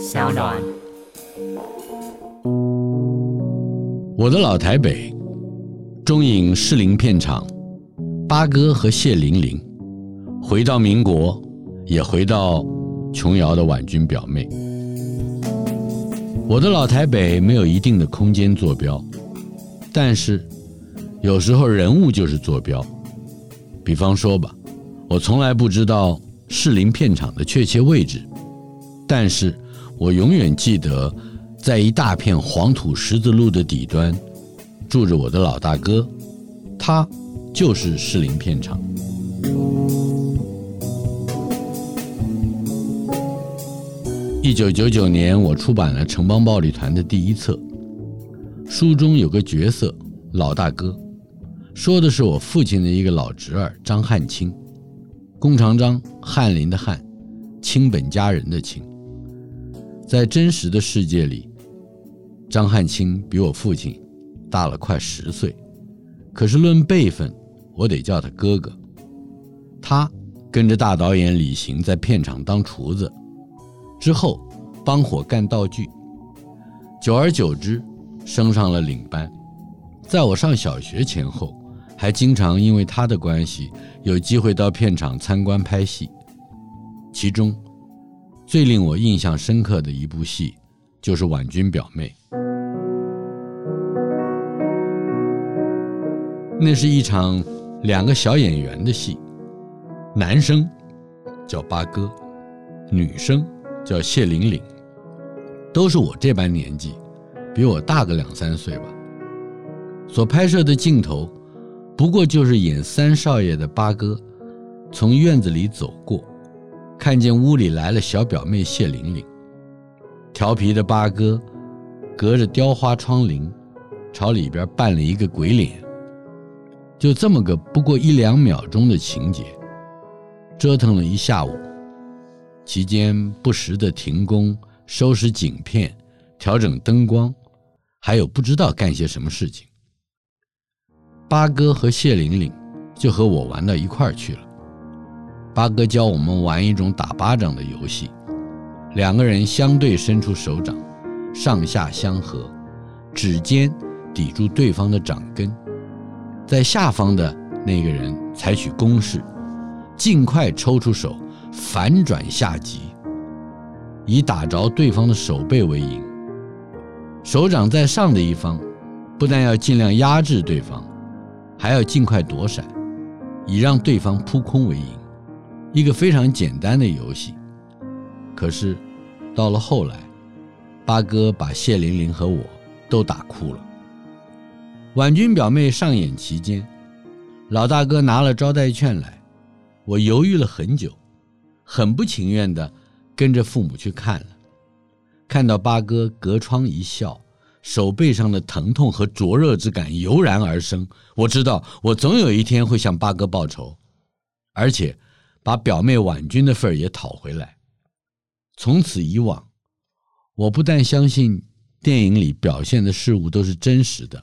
SoundOn，我的老台北，中影士林片場，巴戈和謝玲玲，回到民國，也回到瓊瑤的婉君表妹。我的老台北沒有一定的空間坐標，但是有時候人物就是坐標。比方說吧，我從來不知道士林片場的確切位置，但是，我永遠記得，在一大片黃土石子路的底端，住着我的老大哥，他就是士林片場。一九九九年，我出版了《城邦暴力團》的第一冊，書中有個角色老大哥，說的是我父親的一個老侄兒張漢卿，弓長張翰林的翰，卿本佳人的卿。在真實的世界裡，張漢卿比我父親大了快十歲，可是論輩分，我得叫他哥哥。他跟着大導演李行在片場當廚子，之後幫夥幹道具，久而久之，升上了領班。在我上小學前後，還經常因為他的關係，有機會到片場參觀拍戲，其中。最令我印象深刻的一部戲，就是《婉君表妹》。那是一場兩個小演員的戲，男生叫巴戈，女生叫謝玲玲，都是我這般年紀，比我大個兩三歲吧。所拍攝的鏡頭，不過就是演三少爺的巴戈從院子裡走過。看見屋裡來了小表妹謝玲玲，調皮的巴戈隔着雕花窗欞朝裡邊扮了一個鬼臉，就這麼個不過一兩秒鐘的情節，折騰了一下午，期間不時的停工，收拾景片，調整燈光，還有不知道幹些什麼事情。巴戈和謝玲玲就和我玩到一塊兒去了。巴戈教我們玩一種打巴掌的遊戲，兩個人相對伸出手掌，上下相合，指尖抵住對方的掌根，在下方的那個人採取攻勢，盡快抽出手，反轉下擊，以打着對方的手背為贏。手掌在上的一方，不但要盡量壓制對方，還要盡快躲閃，以讓對方撲空為贏。一個非常簡單的遊戲，可是到了後來，巴戈把謝玲玲和我都打哭了。婉君表妹上演期間，老大哥拿了招待券來，我猶豫了很久，很不情願地跟着父母去看了。看到巴戈隔窗一笑，手背上的疼痛和灼熱之感油然而生，我知道，我總有一天會向巴戈報仇，而且。把表妹婉君的份也討回來。從此以往，我不但相信電影裡表現的事物都是真實的，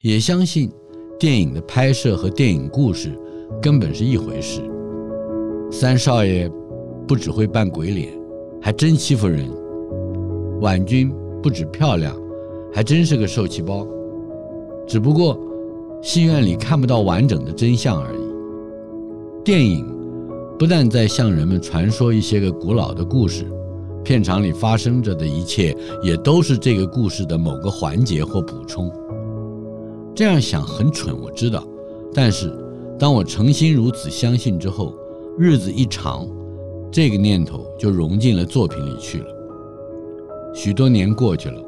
也相信電影的拍攝和電影故事根本是一回事。三少爺不只會扮鬼臉，還真欺負人。婉君不止漂亮，還真是個受氣包。只不過戲院裡看不到完整的真相而已。電影，不但在向人們傳說一些個古老的故事，片場裡發生着的一切也都是這個故事的某個環節或補充。這樣想很蠢，我知道，但是當我誠心如此相信之後，日子一長，這個念頭就融進了作品裡去了。許多年過去了，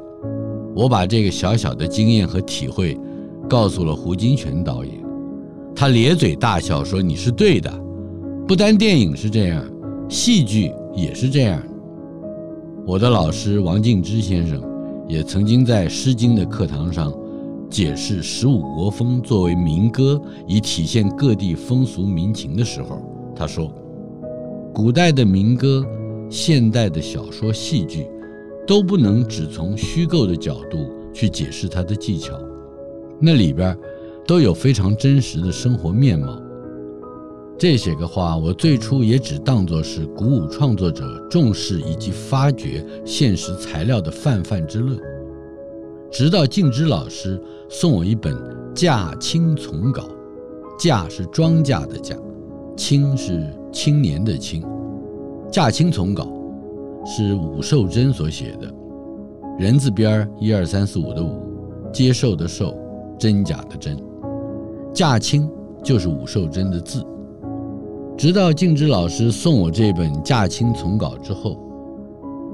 我把這個小小的經驗和體會，告訴了胡金銓導演，他咧嘴大笑說：“你是對的。”不單電影是這樣，戲劇也是這樣。我的老師王靜之先生，也曾經在《詩經》的課堂上，解釋《十五國風》作為民歌，以體現各地風俗民情的時候，他說：古代的民歌，現代的小說、戲劇，都不能只從虛構的角度去解釋它的技巧，那裡邊都有非常真實的生活面貌。這些個話，我最初也只當作是鼓舞創作者重視以及發掘現實材料的泛泛之論。直到靜之老師送我一本《稼青叢稿》，稼是莊稼的稼，青是青年的青，《稼青叢稿》是伍受真所寫的，人字邊一二三四五的五，接受的受，真假的真，稼青就是伍受真的字。直到靜之老師送我這本《駕輕叢稿》之後，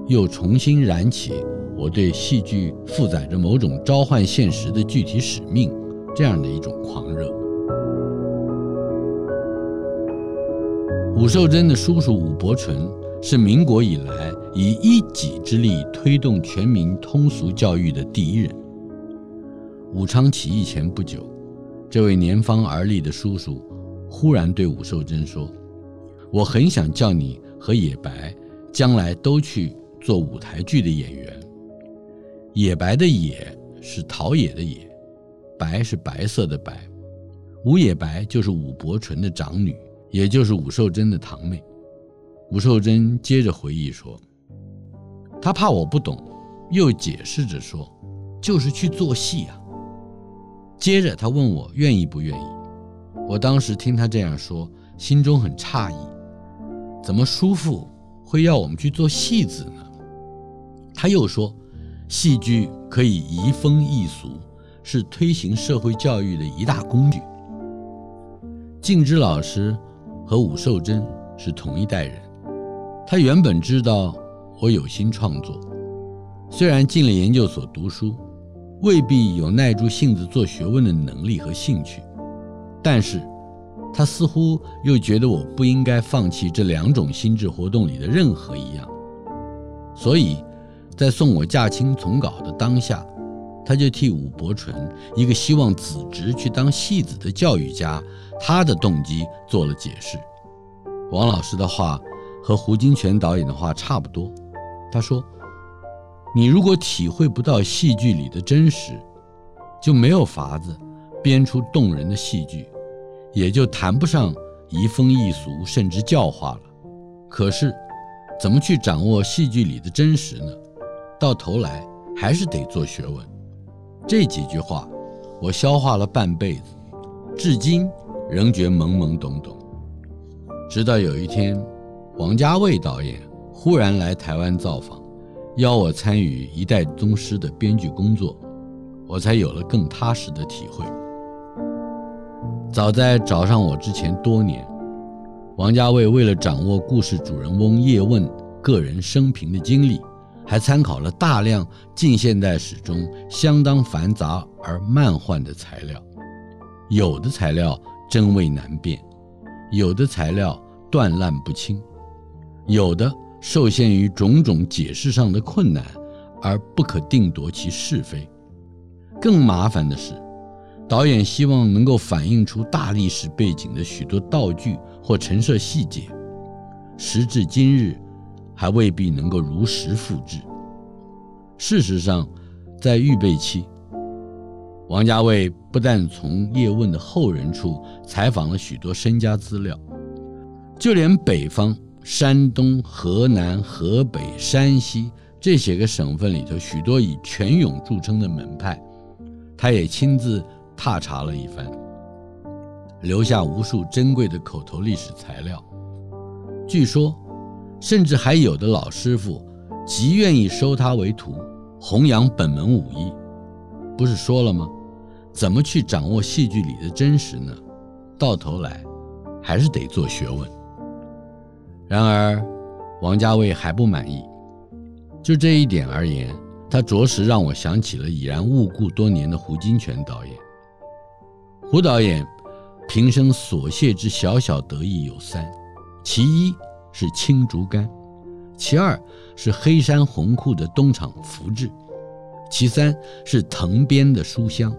又重新燃起我對戲劇負載着某種召喚現實的具體使命這樣的一種狂熱。武壽真的叔叔武伯淳是民國以來以一己之力推動全民通俗教育的第一人。武昌起義前不久，這位年方而立的叔叔忽然對武壽真說。我很想叫你和野白將來都去做舞台劇的演員。野白的野是陶冶的野，白是白色的白，吳野白就是吳伯純的長女，也就是吳壽珍的堂妹。吳壽珍接着回憶說：“他怕我不懂，又解釋着說，就是去做戲啊。接着他問我願意不願意。我當時聽他這樣說，心中很詫異。怎麼叔父會要我們去做戲子呢？他又說，戲劇可以移風易俗，是推行社會教育的一大工具。敬之老師和武壽珍是同一代人，他原本知道我有心創作，雖然進了研究所讀書，未必有耐住性子做學問的能力和興趣，但是。他似乎又覺得我不應該放棄這兩種心智活動裡的任何一樣，所以，在送我《駕輕從稿》的當下，他就替武伯淳——一個希望子侄去當戲子的教育家——他的動機做了解釋。王老師的話和胡金銓導演的話差不多。他說：“你如果體會不到戲劇裡的真實，就沒有法子編出動人的戲劇。”也就談不上移風易俗，甚至教化了。可是，怎麼去掌握戲劇裡的真實呢？到頭來還是得做學問。這幾句話，我消化了半輩子，至今仍覺懵懵懂懂。直到有一天，王家衛導演忽然來台灣造訪，邀我參與《一代宗師》的編劇工作，我才有了更踏實的體會。早在找上我之前多年，王家衛為了掌握故事主人翁葉問個人生平的經歷，還參考了大量近現代史中相當繁雜而漫漶的材料。有的材料真偽難辨，有的材料斷爛不清，有的受限於種種解釋上的困難而不可定奪其是非。更麻煩的是。導演希望能夠反映出大歷史背景的許多道具或陳設細節，時至今日，還未必能夠如實複製。事實上，在預備期，王家衛不但從葉問的後人處採訪了許多身家資料，就連北方、山東、河南、河北、山西這些個省份裡頭，許多以拳勇著稱的門派，他也親自。踏查了一番，留下無數珍貴的口頭歷史材料。據說，甚至還有的老師傅極願意收他為徒，弘揚本門武藝。不是說了嗎？怎麼去掌握戲劇裡的真實呢？到頭來，還是得做學問。然而，王家衛還不滿意。就這一點而言，他着實讓我想起了已然故去多年的胡金銓導演。胡導演平生所謝之小小得意有三，其一是青竹竿，其二是黑山紅褲的東廠服製，其三是藤編的書箱。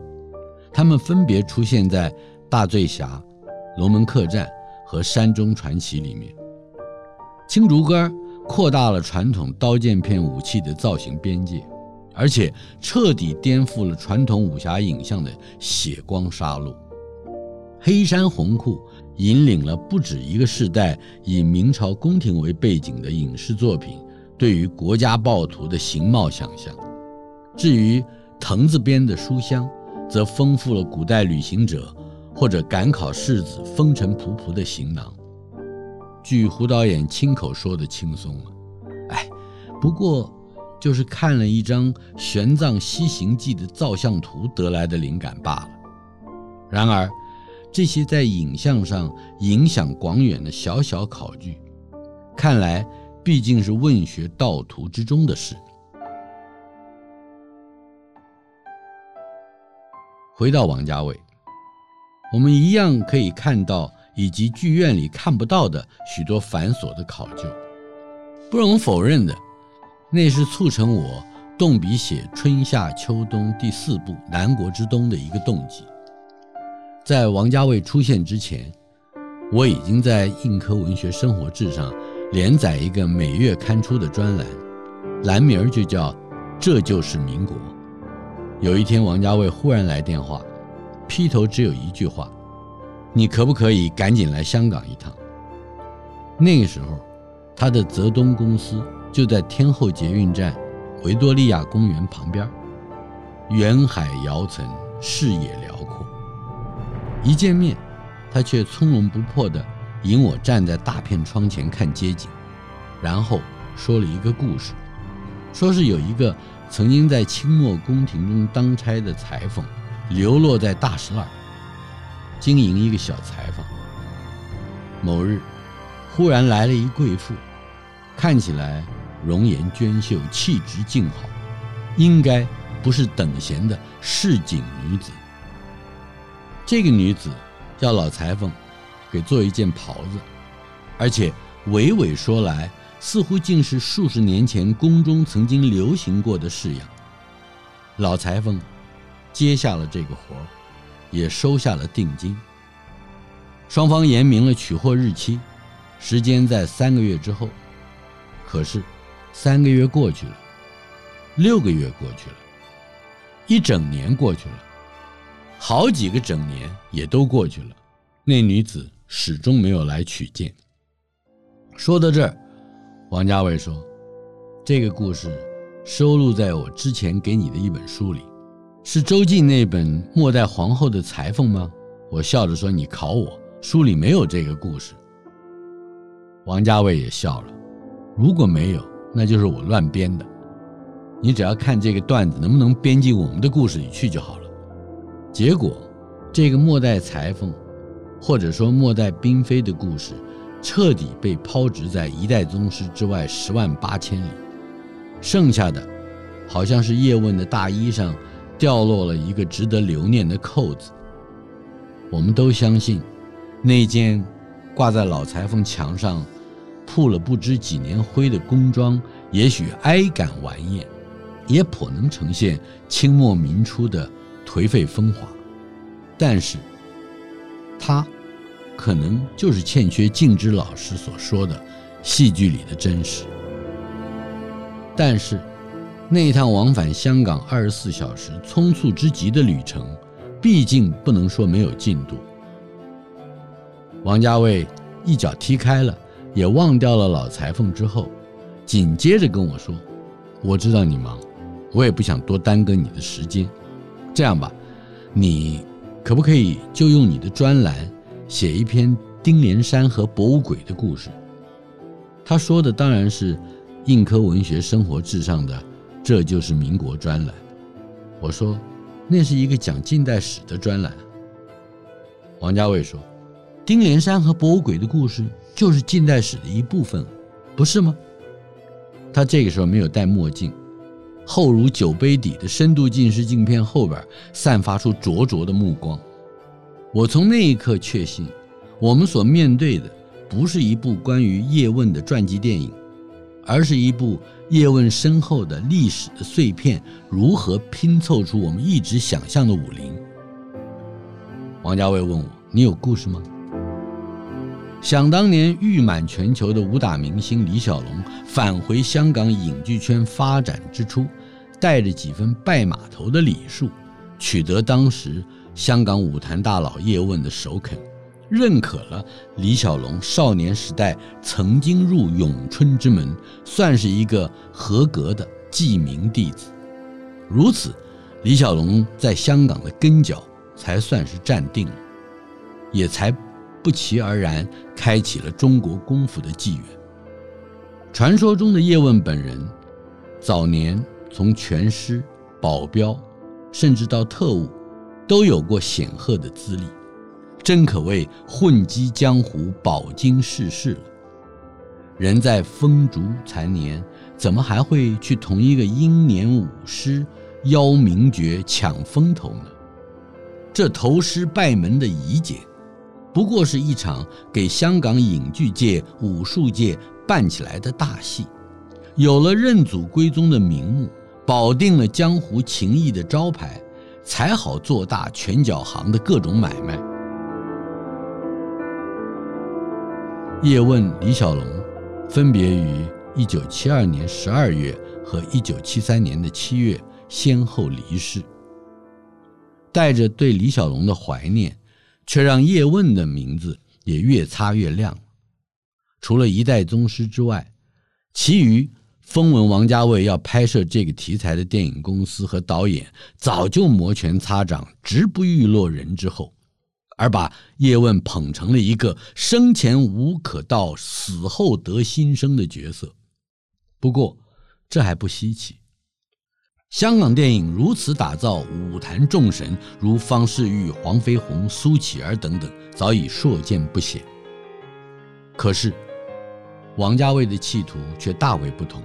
他們分別出現在《大醉俠》、《龍門客棧》和《山中傳奇》裡面。青竹竿擴大了傳統刀劍片武器的造型邊界，而且徹底顛覆了傳統武俠影像的血光殺戮，黑衫紅褲引領了不止一個世代以明朝宮廷為背景的影視作品對於國家暴徒的形貌想象。至於藤子編的書香，則豐富了古代旅行者或者趕考士子風塵僕僕的行囊。據胡導演親口說的，輕鬆了，哎，不過。就是看了一張《玄奘西行記》的造像圖得來的靈感罷了。然而，這些在影像上影響廣遠的小小考據，看來畢竟是問學道途之中的事。回到王家衛，我們一樣可以看到以及劇院裡看不到的許多繁瑣的考究，不容否認的。那是促成我動筆寫《春夏秋冬》第四部《南國之冬》的一個動機。在王家衛出現之前，我已經在《印刻文學生活志》上連載一個每月刊出的專欄，欄名兒就叫《這就是民國》。有一天，王家衛忽然來電話，劈頭只有一句話：“你可不可以趕緊來香港一趟？”那個時候，他的澤東公司。就在天后捷運站、維多利亞公園旁邊，遠海遙層，視野遼闊。一見面，他卻從容不迫地引我站在大片窗前看街景，然後說了一個故事：說是有一個曾經在清末宮廷中當差的裁縫，流落在大柵欄，經營一個小裁縫。某日，忽然來了一貴婦，看起來。容顏娟秀，氣質靜好，應該不是等閒的市井女子。這個女子叫老裁縫，給做一件袍子，而且娓娓說來，似乎竟是數十年前宮中曾經流行過的式樣。老裁縫接下了這個活兒，也收下了定金，雙方言明了取貨日期，時間在三個月之後。可是。三個月過去了，六個月過去了，一整年過去了，好幾個整年也都過去了，那女子始終沒有來取件。說到這兒，王家衛說：“這個故事收錄在我之前給你的一本書裡，是周靖那本《末代皇後的裁縫》嗎？”我笑着說：“你考我，書裡沒有這個故事。”王家衛也笑了：“如果沒有。”那就是我亂編的，你只要看這個段子能不能編進我們的故事裡去就好了。結果，這個末代裁縫，或者說末代嬪妃的故事，徹底被拋擲在一代宗師之外十萬八千里。剩下的，好像是葉問的大衣上掉落了一個值得留念的扣子。我們都相信，那件掛在老裁縫牆上。佈了不知幾年灰的工裝，也許哀感頑艷，也頗能呈現清末民初的頹廢風華。但是，他可能就是欠缺敬之老師所說的戲劇裡的真實。但是，那一趟往返香港二十四小時匆促之極的旅程，畢竟不能說沒有進度。王家衛一腳踢開了。也忘掉了老裁縫之後，緊接着跟我說：“我知道你忙，我也不想多耽擱你的時間。這樣吧，你可不可以就用你的專欄寫一篇丁連山和博物館的故事？”他說的當然是印刻文學生活誌的“這就是民國專欄”。我說：“那是一個講近代史的專欄。”王家衛說。丁連山和博物館的故事就是近代史的一部分，不是嗎？他這個時候沒有戴墨鏡，厚如酒杯底的深度近視鏡片後邊散發出灼灼的目光。我從那一刻確信，我們所面對的不是一部關於葉問的傳記電影，而是一部葉問身後的歷史的碎片如何拼湊出我們一直想象的武林。王家衛問我：“你有故事嗎？”想當年，譽滿全球的武打明星李小龍返回香港影劇圈發展之初，帶着幾分拜碼頭的禮數，取得當時香港武壇大佬葉問的首肯，認可了李小龍少年時代曾經入詠春之門，算是一個合格的記名弟子。如此，李小龍在香港的根腳才算是站定了，也才。不期而然，開啟了中國功夫的紀元。傳說中的葉問本人，早年從拳師、保鏢，甚至到特務，都有過顯赫的資歷，真可謂混跡江湖、飽經世事了。人在風燭殘年，怎麼還會去同一個英年武師邀名爵搶風頭呢？這投師拜門的儀節。不過是一場給香港影劇界、武術界辦起來的大戲，有了認祖歸宗的名目，保定了江湖情誼的招牌，才好做大拳腳行的各種買賣。葉問、李小龍，分別於一九七二年十二月和一九七三年的七月先後離世，帶着對李小龍的懷念。卻讓葉問的名字也越擦越亮。除了一代宗師之外，其餘風聞王家衛要拍攝這個題材的電影公司和導演，早就摩拳擦掌，直不欲落人之後，而把葉問捧成了一個生前無可道，死後得新生的角色。不過，這還不稀奇。香港電影如此打造武壇眾神，如方世玉、黃飛鴻、蘇乞兒等等，早已數見不鮮。可是，王家衛的企圖卻大為不同，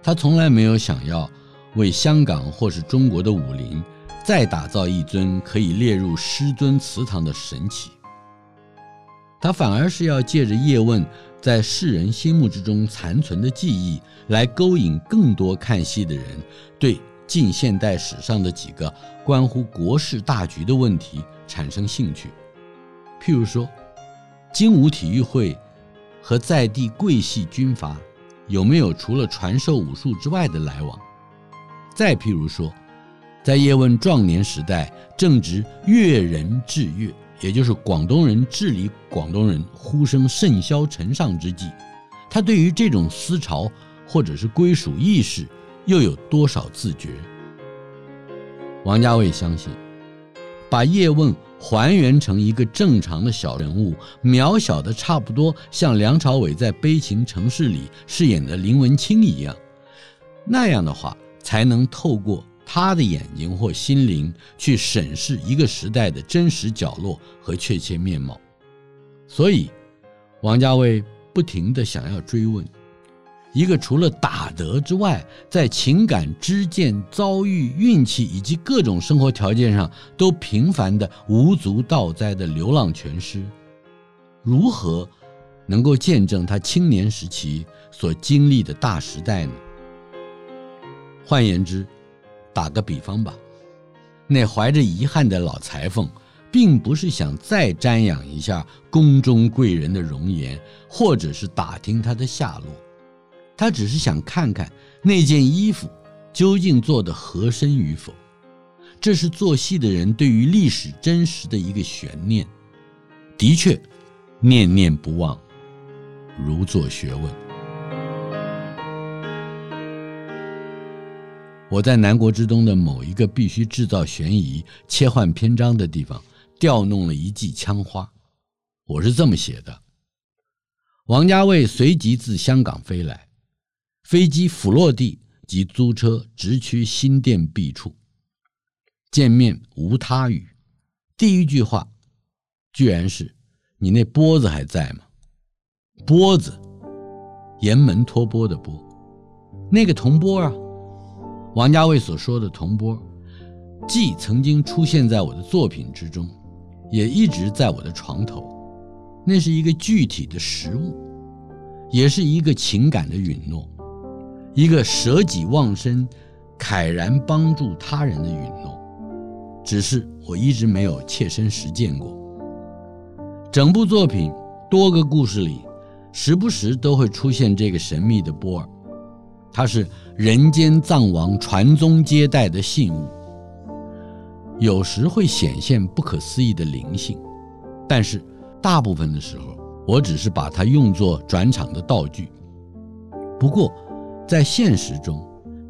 他從來沒有想要為香港或是中國的武林再打造一尊可以列入師尊祠堂的神祇。他反而是要借着葉問在世人心目之中殘存的記憶，來勾引更多看戲的人對近現代史上的幾個關乎國事大局的問題產生興趣。譬如說，精武體育會和在地桂系軍閥有沒有除了傳授武術之外的來往？再譬如說，在葉問壯年時代，正值粵人治粵。也就是廣東人治理廣東人呼聲甚囂塵上之際，他對於這種思潮或者是歸屬意識，又有多少自覺？王家衛相信，把葉問還原成一個正常的小人物，渺小得差不多像梁朝偉在《悲情城市》裡飾演的林文清一樣，那樣的話，才能透過。他的眼睛或心靈去審視一個時代的真實角落和確切面貌，所以王家衛不停地想要追問：一個除了打得之外，在情感、知見、遭遇、運氣以及各種生活條件上都平凡的無足道哉的流浪拳師，如何能夠見證他青年時期所經歷的大時代呢？換言之，打個比方吧，那懷着遺憾的老裁縫，並不是想再瞻仰一下宮中貴人的容顏，或者是打聽他的下落，他只是想看看那件衣服究竟做得合身與否。這是做戲的人對於歷史真實的一個懸念，的確，念念不忘，如做學問。我在南國之東的某一個必須制造懸疑、切換篇章的地方，調弄了一記槍花。我是這麼寫的：王家衛隨即自香港飛來，飛機甫落地即租車直驅新店 B 處，見面無他語，第一句話居然是：“你那缽子還在嗎？”缽子，沿門托缽的缽，那個銅缽啊。王家衛所說的銅缽，既曾經出現在我的作品之中，也一直在我的床頭。那是一個具體的實物，也是一個情感的允諾，一個捨己忘身、慨然幫助他人的允諾。只是我一直沒有切身實踐過。整部作品多個故事裡，時不時都會出現這個神秘的缽兒。它是人間藏王傳宗接代的信物，有時會顯現不可思議的靈性，但是大部分的時候，我只是把它用作轉場的道具。不過，在現實中，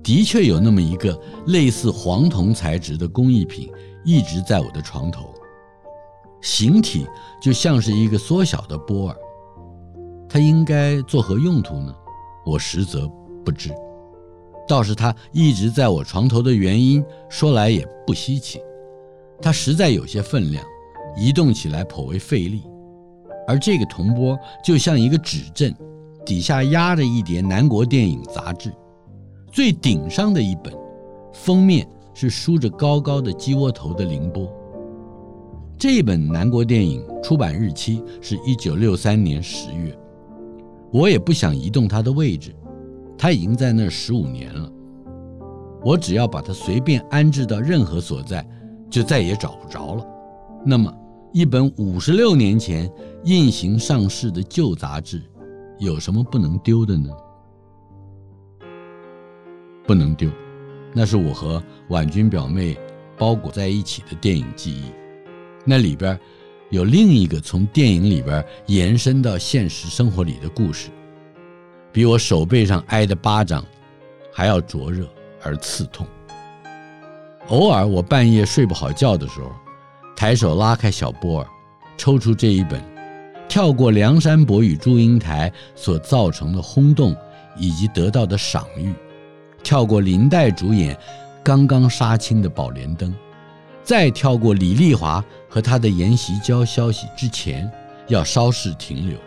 的確有那麼一個類似黃銅材質的工藝品一直在我的床頭，形體就像是一個縮小的波爾。它應該作何用途呢？我實則不。不知，倒是他一直在我床頭的原因，說來也不稀奇。他實在有些分量，移動起來頗為費力。而這個銅鉢就像一個指針，底下壓着一疊南國電影雜誌，最頂上的一本，封面是梳着高高的雞窩頭的凌波。這本南國電影出版日期是一九六三年十月，我也不想移動它的位置。他已經在那十五年了，我只要把他隨便安置到任何所在，就再也找不着了。那麼，一本五十六年前印行上市的舊雜誌，有什麼不能丟的呢？不能丟，那是我和婉君表妹包裹在一起的電影記憶，那裡邊有另一個從電影裡邊延伸到現實生活裡的故事。比我手背上挨的巴掌還要灼熱而刺痛。偶爾我半夜睡不好覺的時候，抬手拉開小波兒，抽出這一本，跳過梁山伯與祝英台所造成的轟動以及得到的賞譽，跳過林黛主演剛剛殺青的《寶蓮燈》，再跳過李麗華和她的研習教消息之前，要稍事停留，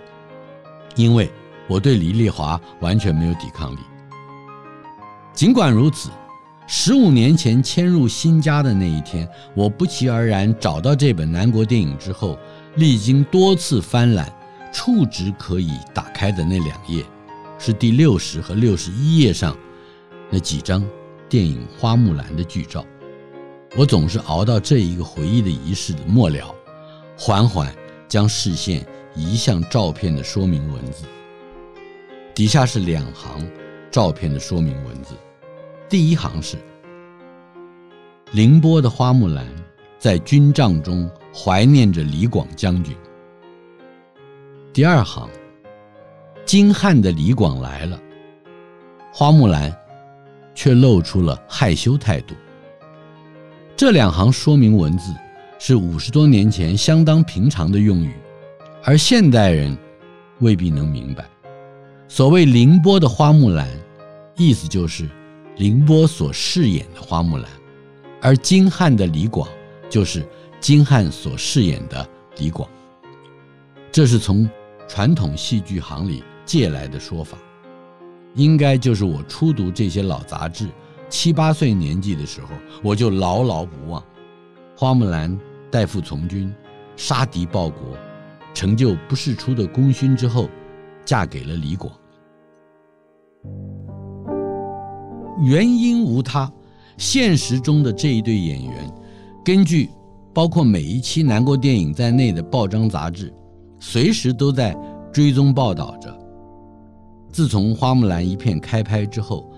因為。我對李麗華完全沒有抵抗力。儘管如此，十五年前遷入新家的那一天，我不期而然找到這本南國電影之後，歷經多次翻覽，觸之可以打開的那兩頁，是第六十和六十一頁上那幾張電影《花木蘭》的劇照。我總是熬到這一個回憶的儀式的末了，緩緩將視線移向照片的說明文字。底下是兩行照片的說明文字，第一行是“凌波的花木蘭在軍帳中懷念着李廣將軍”，第二行“金漢的李廣來了，花木蘭卻露出了害羞態度”。這兩行說明文字是五十多年前相當平常的用語，而現代人未必能明白。所謂“凌波的花木蘭”，意思就是凌波所飾演的花木蘭；而金漢的李廣，就是金漢所飾演的李廣。這是從傳統戲劇行裡借來的說法，應該就是我初讀這些老雜誌、七八歲年紀的時候，我就牢牢不忘：花木蘭代父從軍，殺敵報國，成就不世出的功勳之後。嫁給了李廣，原因無他，現實中的這一對演員，根據包括每一期《南國電影》在內的報章雜誌，隨時都在追蹤報道着。自從《花木蘭》一片開拍之後，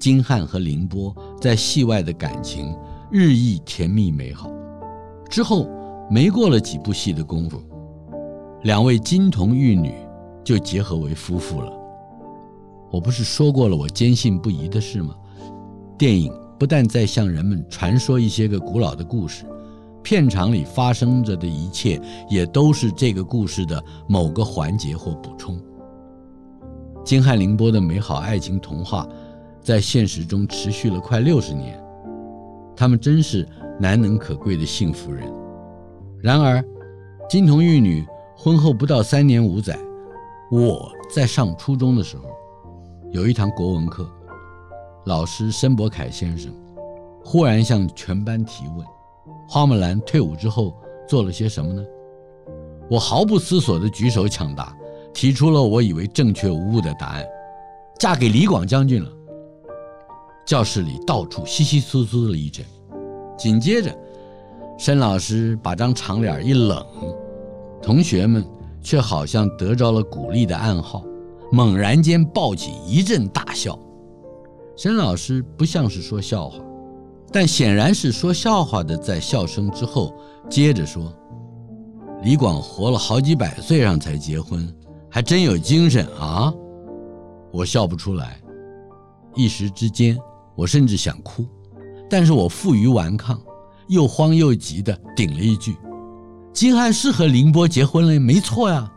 金漢和凌波在戲外的感情日益甜蜜美好。之後沒過了幾部戲的功夫，兩位金童玉女。就結合為夫婦了。我不是說過了，我堅信不疑的事嗎？電影不但在向人們傳說一些個古老的故事，片場裡發生着的一切也都是這個故事的某個環節或補充。金漢、凌波的美好愛情童話，在現實中持續了快六十年。他們真是難能可貴的幸福人。然而，金童玉女婚後不到三年五載。我在上初中的時候，有一堂國文課，老師申伯凱先生忽然向全班提問：“花木蘭退伍之後做了些什麼呢？”我毫不思索地舉手搶答，提出了我以為正確無誤的答案：“嫁給李廣將軍了。”教室裡到處稀稀疏疏的一陣，緊接着，申老師把張長臉一冷，同學們。卻好像得着了鼓勵的暗號，猛然間爆起一陣大笑。沈老師不像是說笑話，但顯然是說笑話的。在笑聲之後，接着說：“李廣活了好幾百歲上才結婚，還真有精神啊！”我笑不出來，一時之間，我甚至想哭，但是我負隅頑抗，又慌又急的頂了一句。金漢是和凌波結婚了，沒錯呀。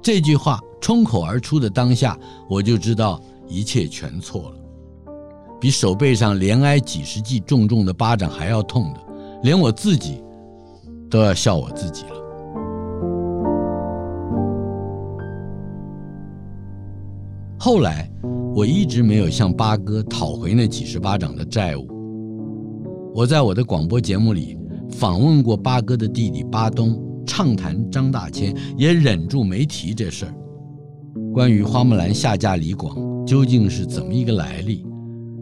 這句話衝口而出的當下，我就知道一切全錯了，比手背上連挨幾十記重重的巴掌還要痛的，連我自己都要笑我自己了。後來，我一直沒有向巴戈討回那幾十巴掌的債務。我在我的廣播節目裡訪問過巴戈的弟弟巴東，暢談張大千，也忍住沒提這事兒。關於花木蘭下嫁李廣究竟是怎麼一個來歷，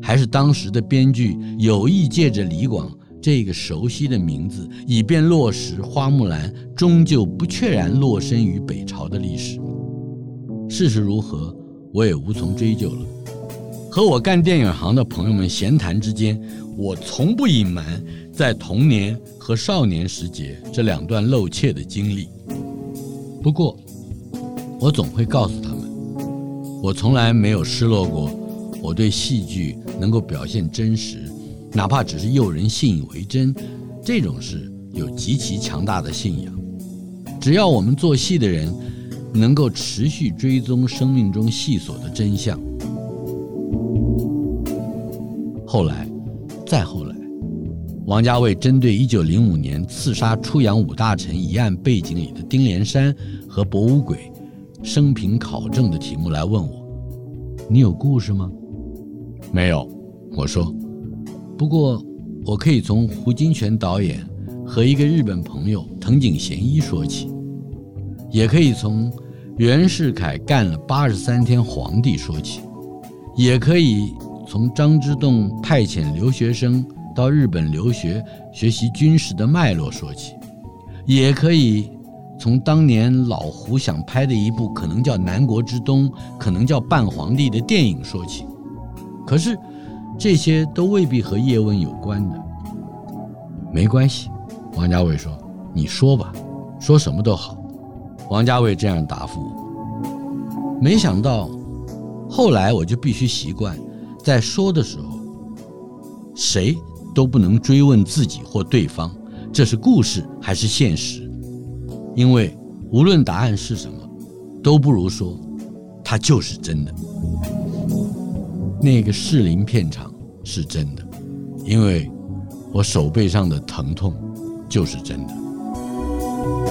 還是當時的編劇有意借着李廣這個熟悉的名字，以便落實花木蘭終究不確然落身於北朝的歷史？事實如何，我也無從追究了。和我幹電影行的朋友們閒談之間，我從不隱瞞。在童年和少年時節這兩段露怯的經歷，不過，我總會告訴他們，我從來沒有失落過。我對戲劇能夠表現真實，哪怕只是誘人信以為真，這種事有極其強大的信仰。只要我們做戲的人，能夠持續追蹤生命中細瑣的真相，後來，再後來。王家衛針對一九零五年刺殺出洋五大臣一案背景裡的丁連山和博物鬼生平考證的題目來問我：“你有故事嗎？”“沒有。”我說。“不過，我可以從胡金銓導演和一個日本朋友藤井賢一說起，也可以從袁世凱幹了八十三天皇帝說起，也可以從張之洞派遣留學生。”到日本留學學習軍事的脈絡說起，也可以從當年老胡想拍的一部可能叫《南國之冬》，可能叫《半皇帝》的電影說起。可是，這些都未必和葉問有關的。沒關係，王家衛說：“你說吧，說什麼都好。”王家衛這樣答覆我。沒想到，後來我就必須習慣，在說的時候，誰，都不能追問自己或對方，這是故事還是現實？因為無論答案是什麼，都不如說，它就是真的。那個士林片場是真的，因為我手背上的疼痛就是真的。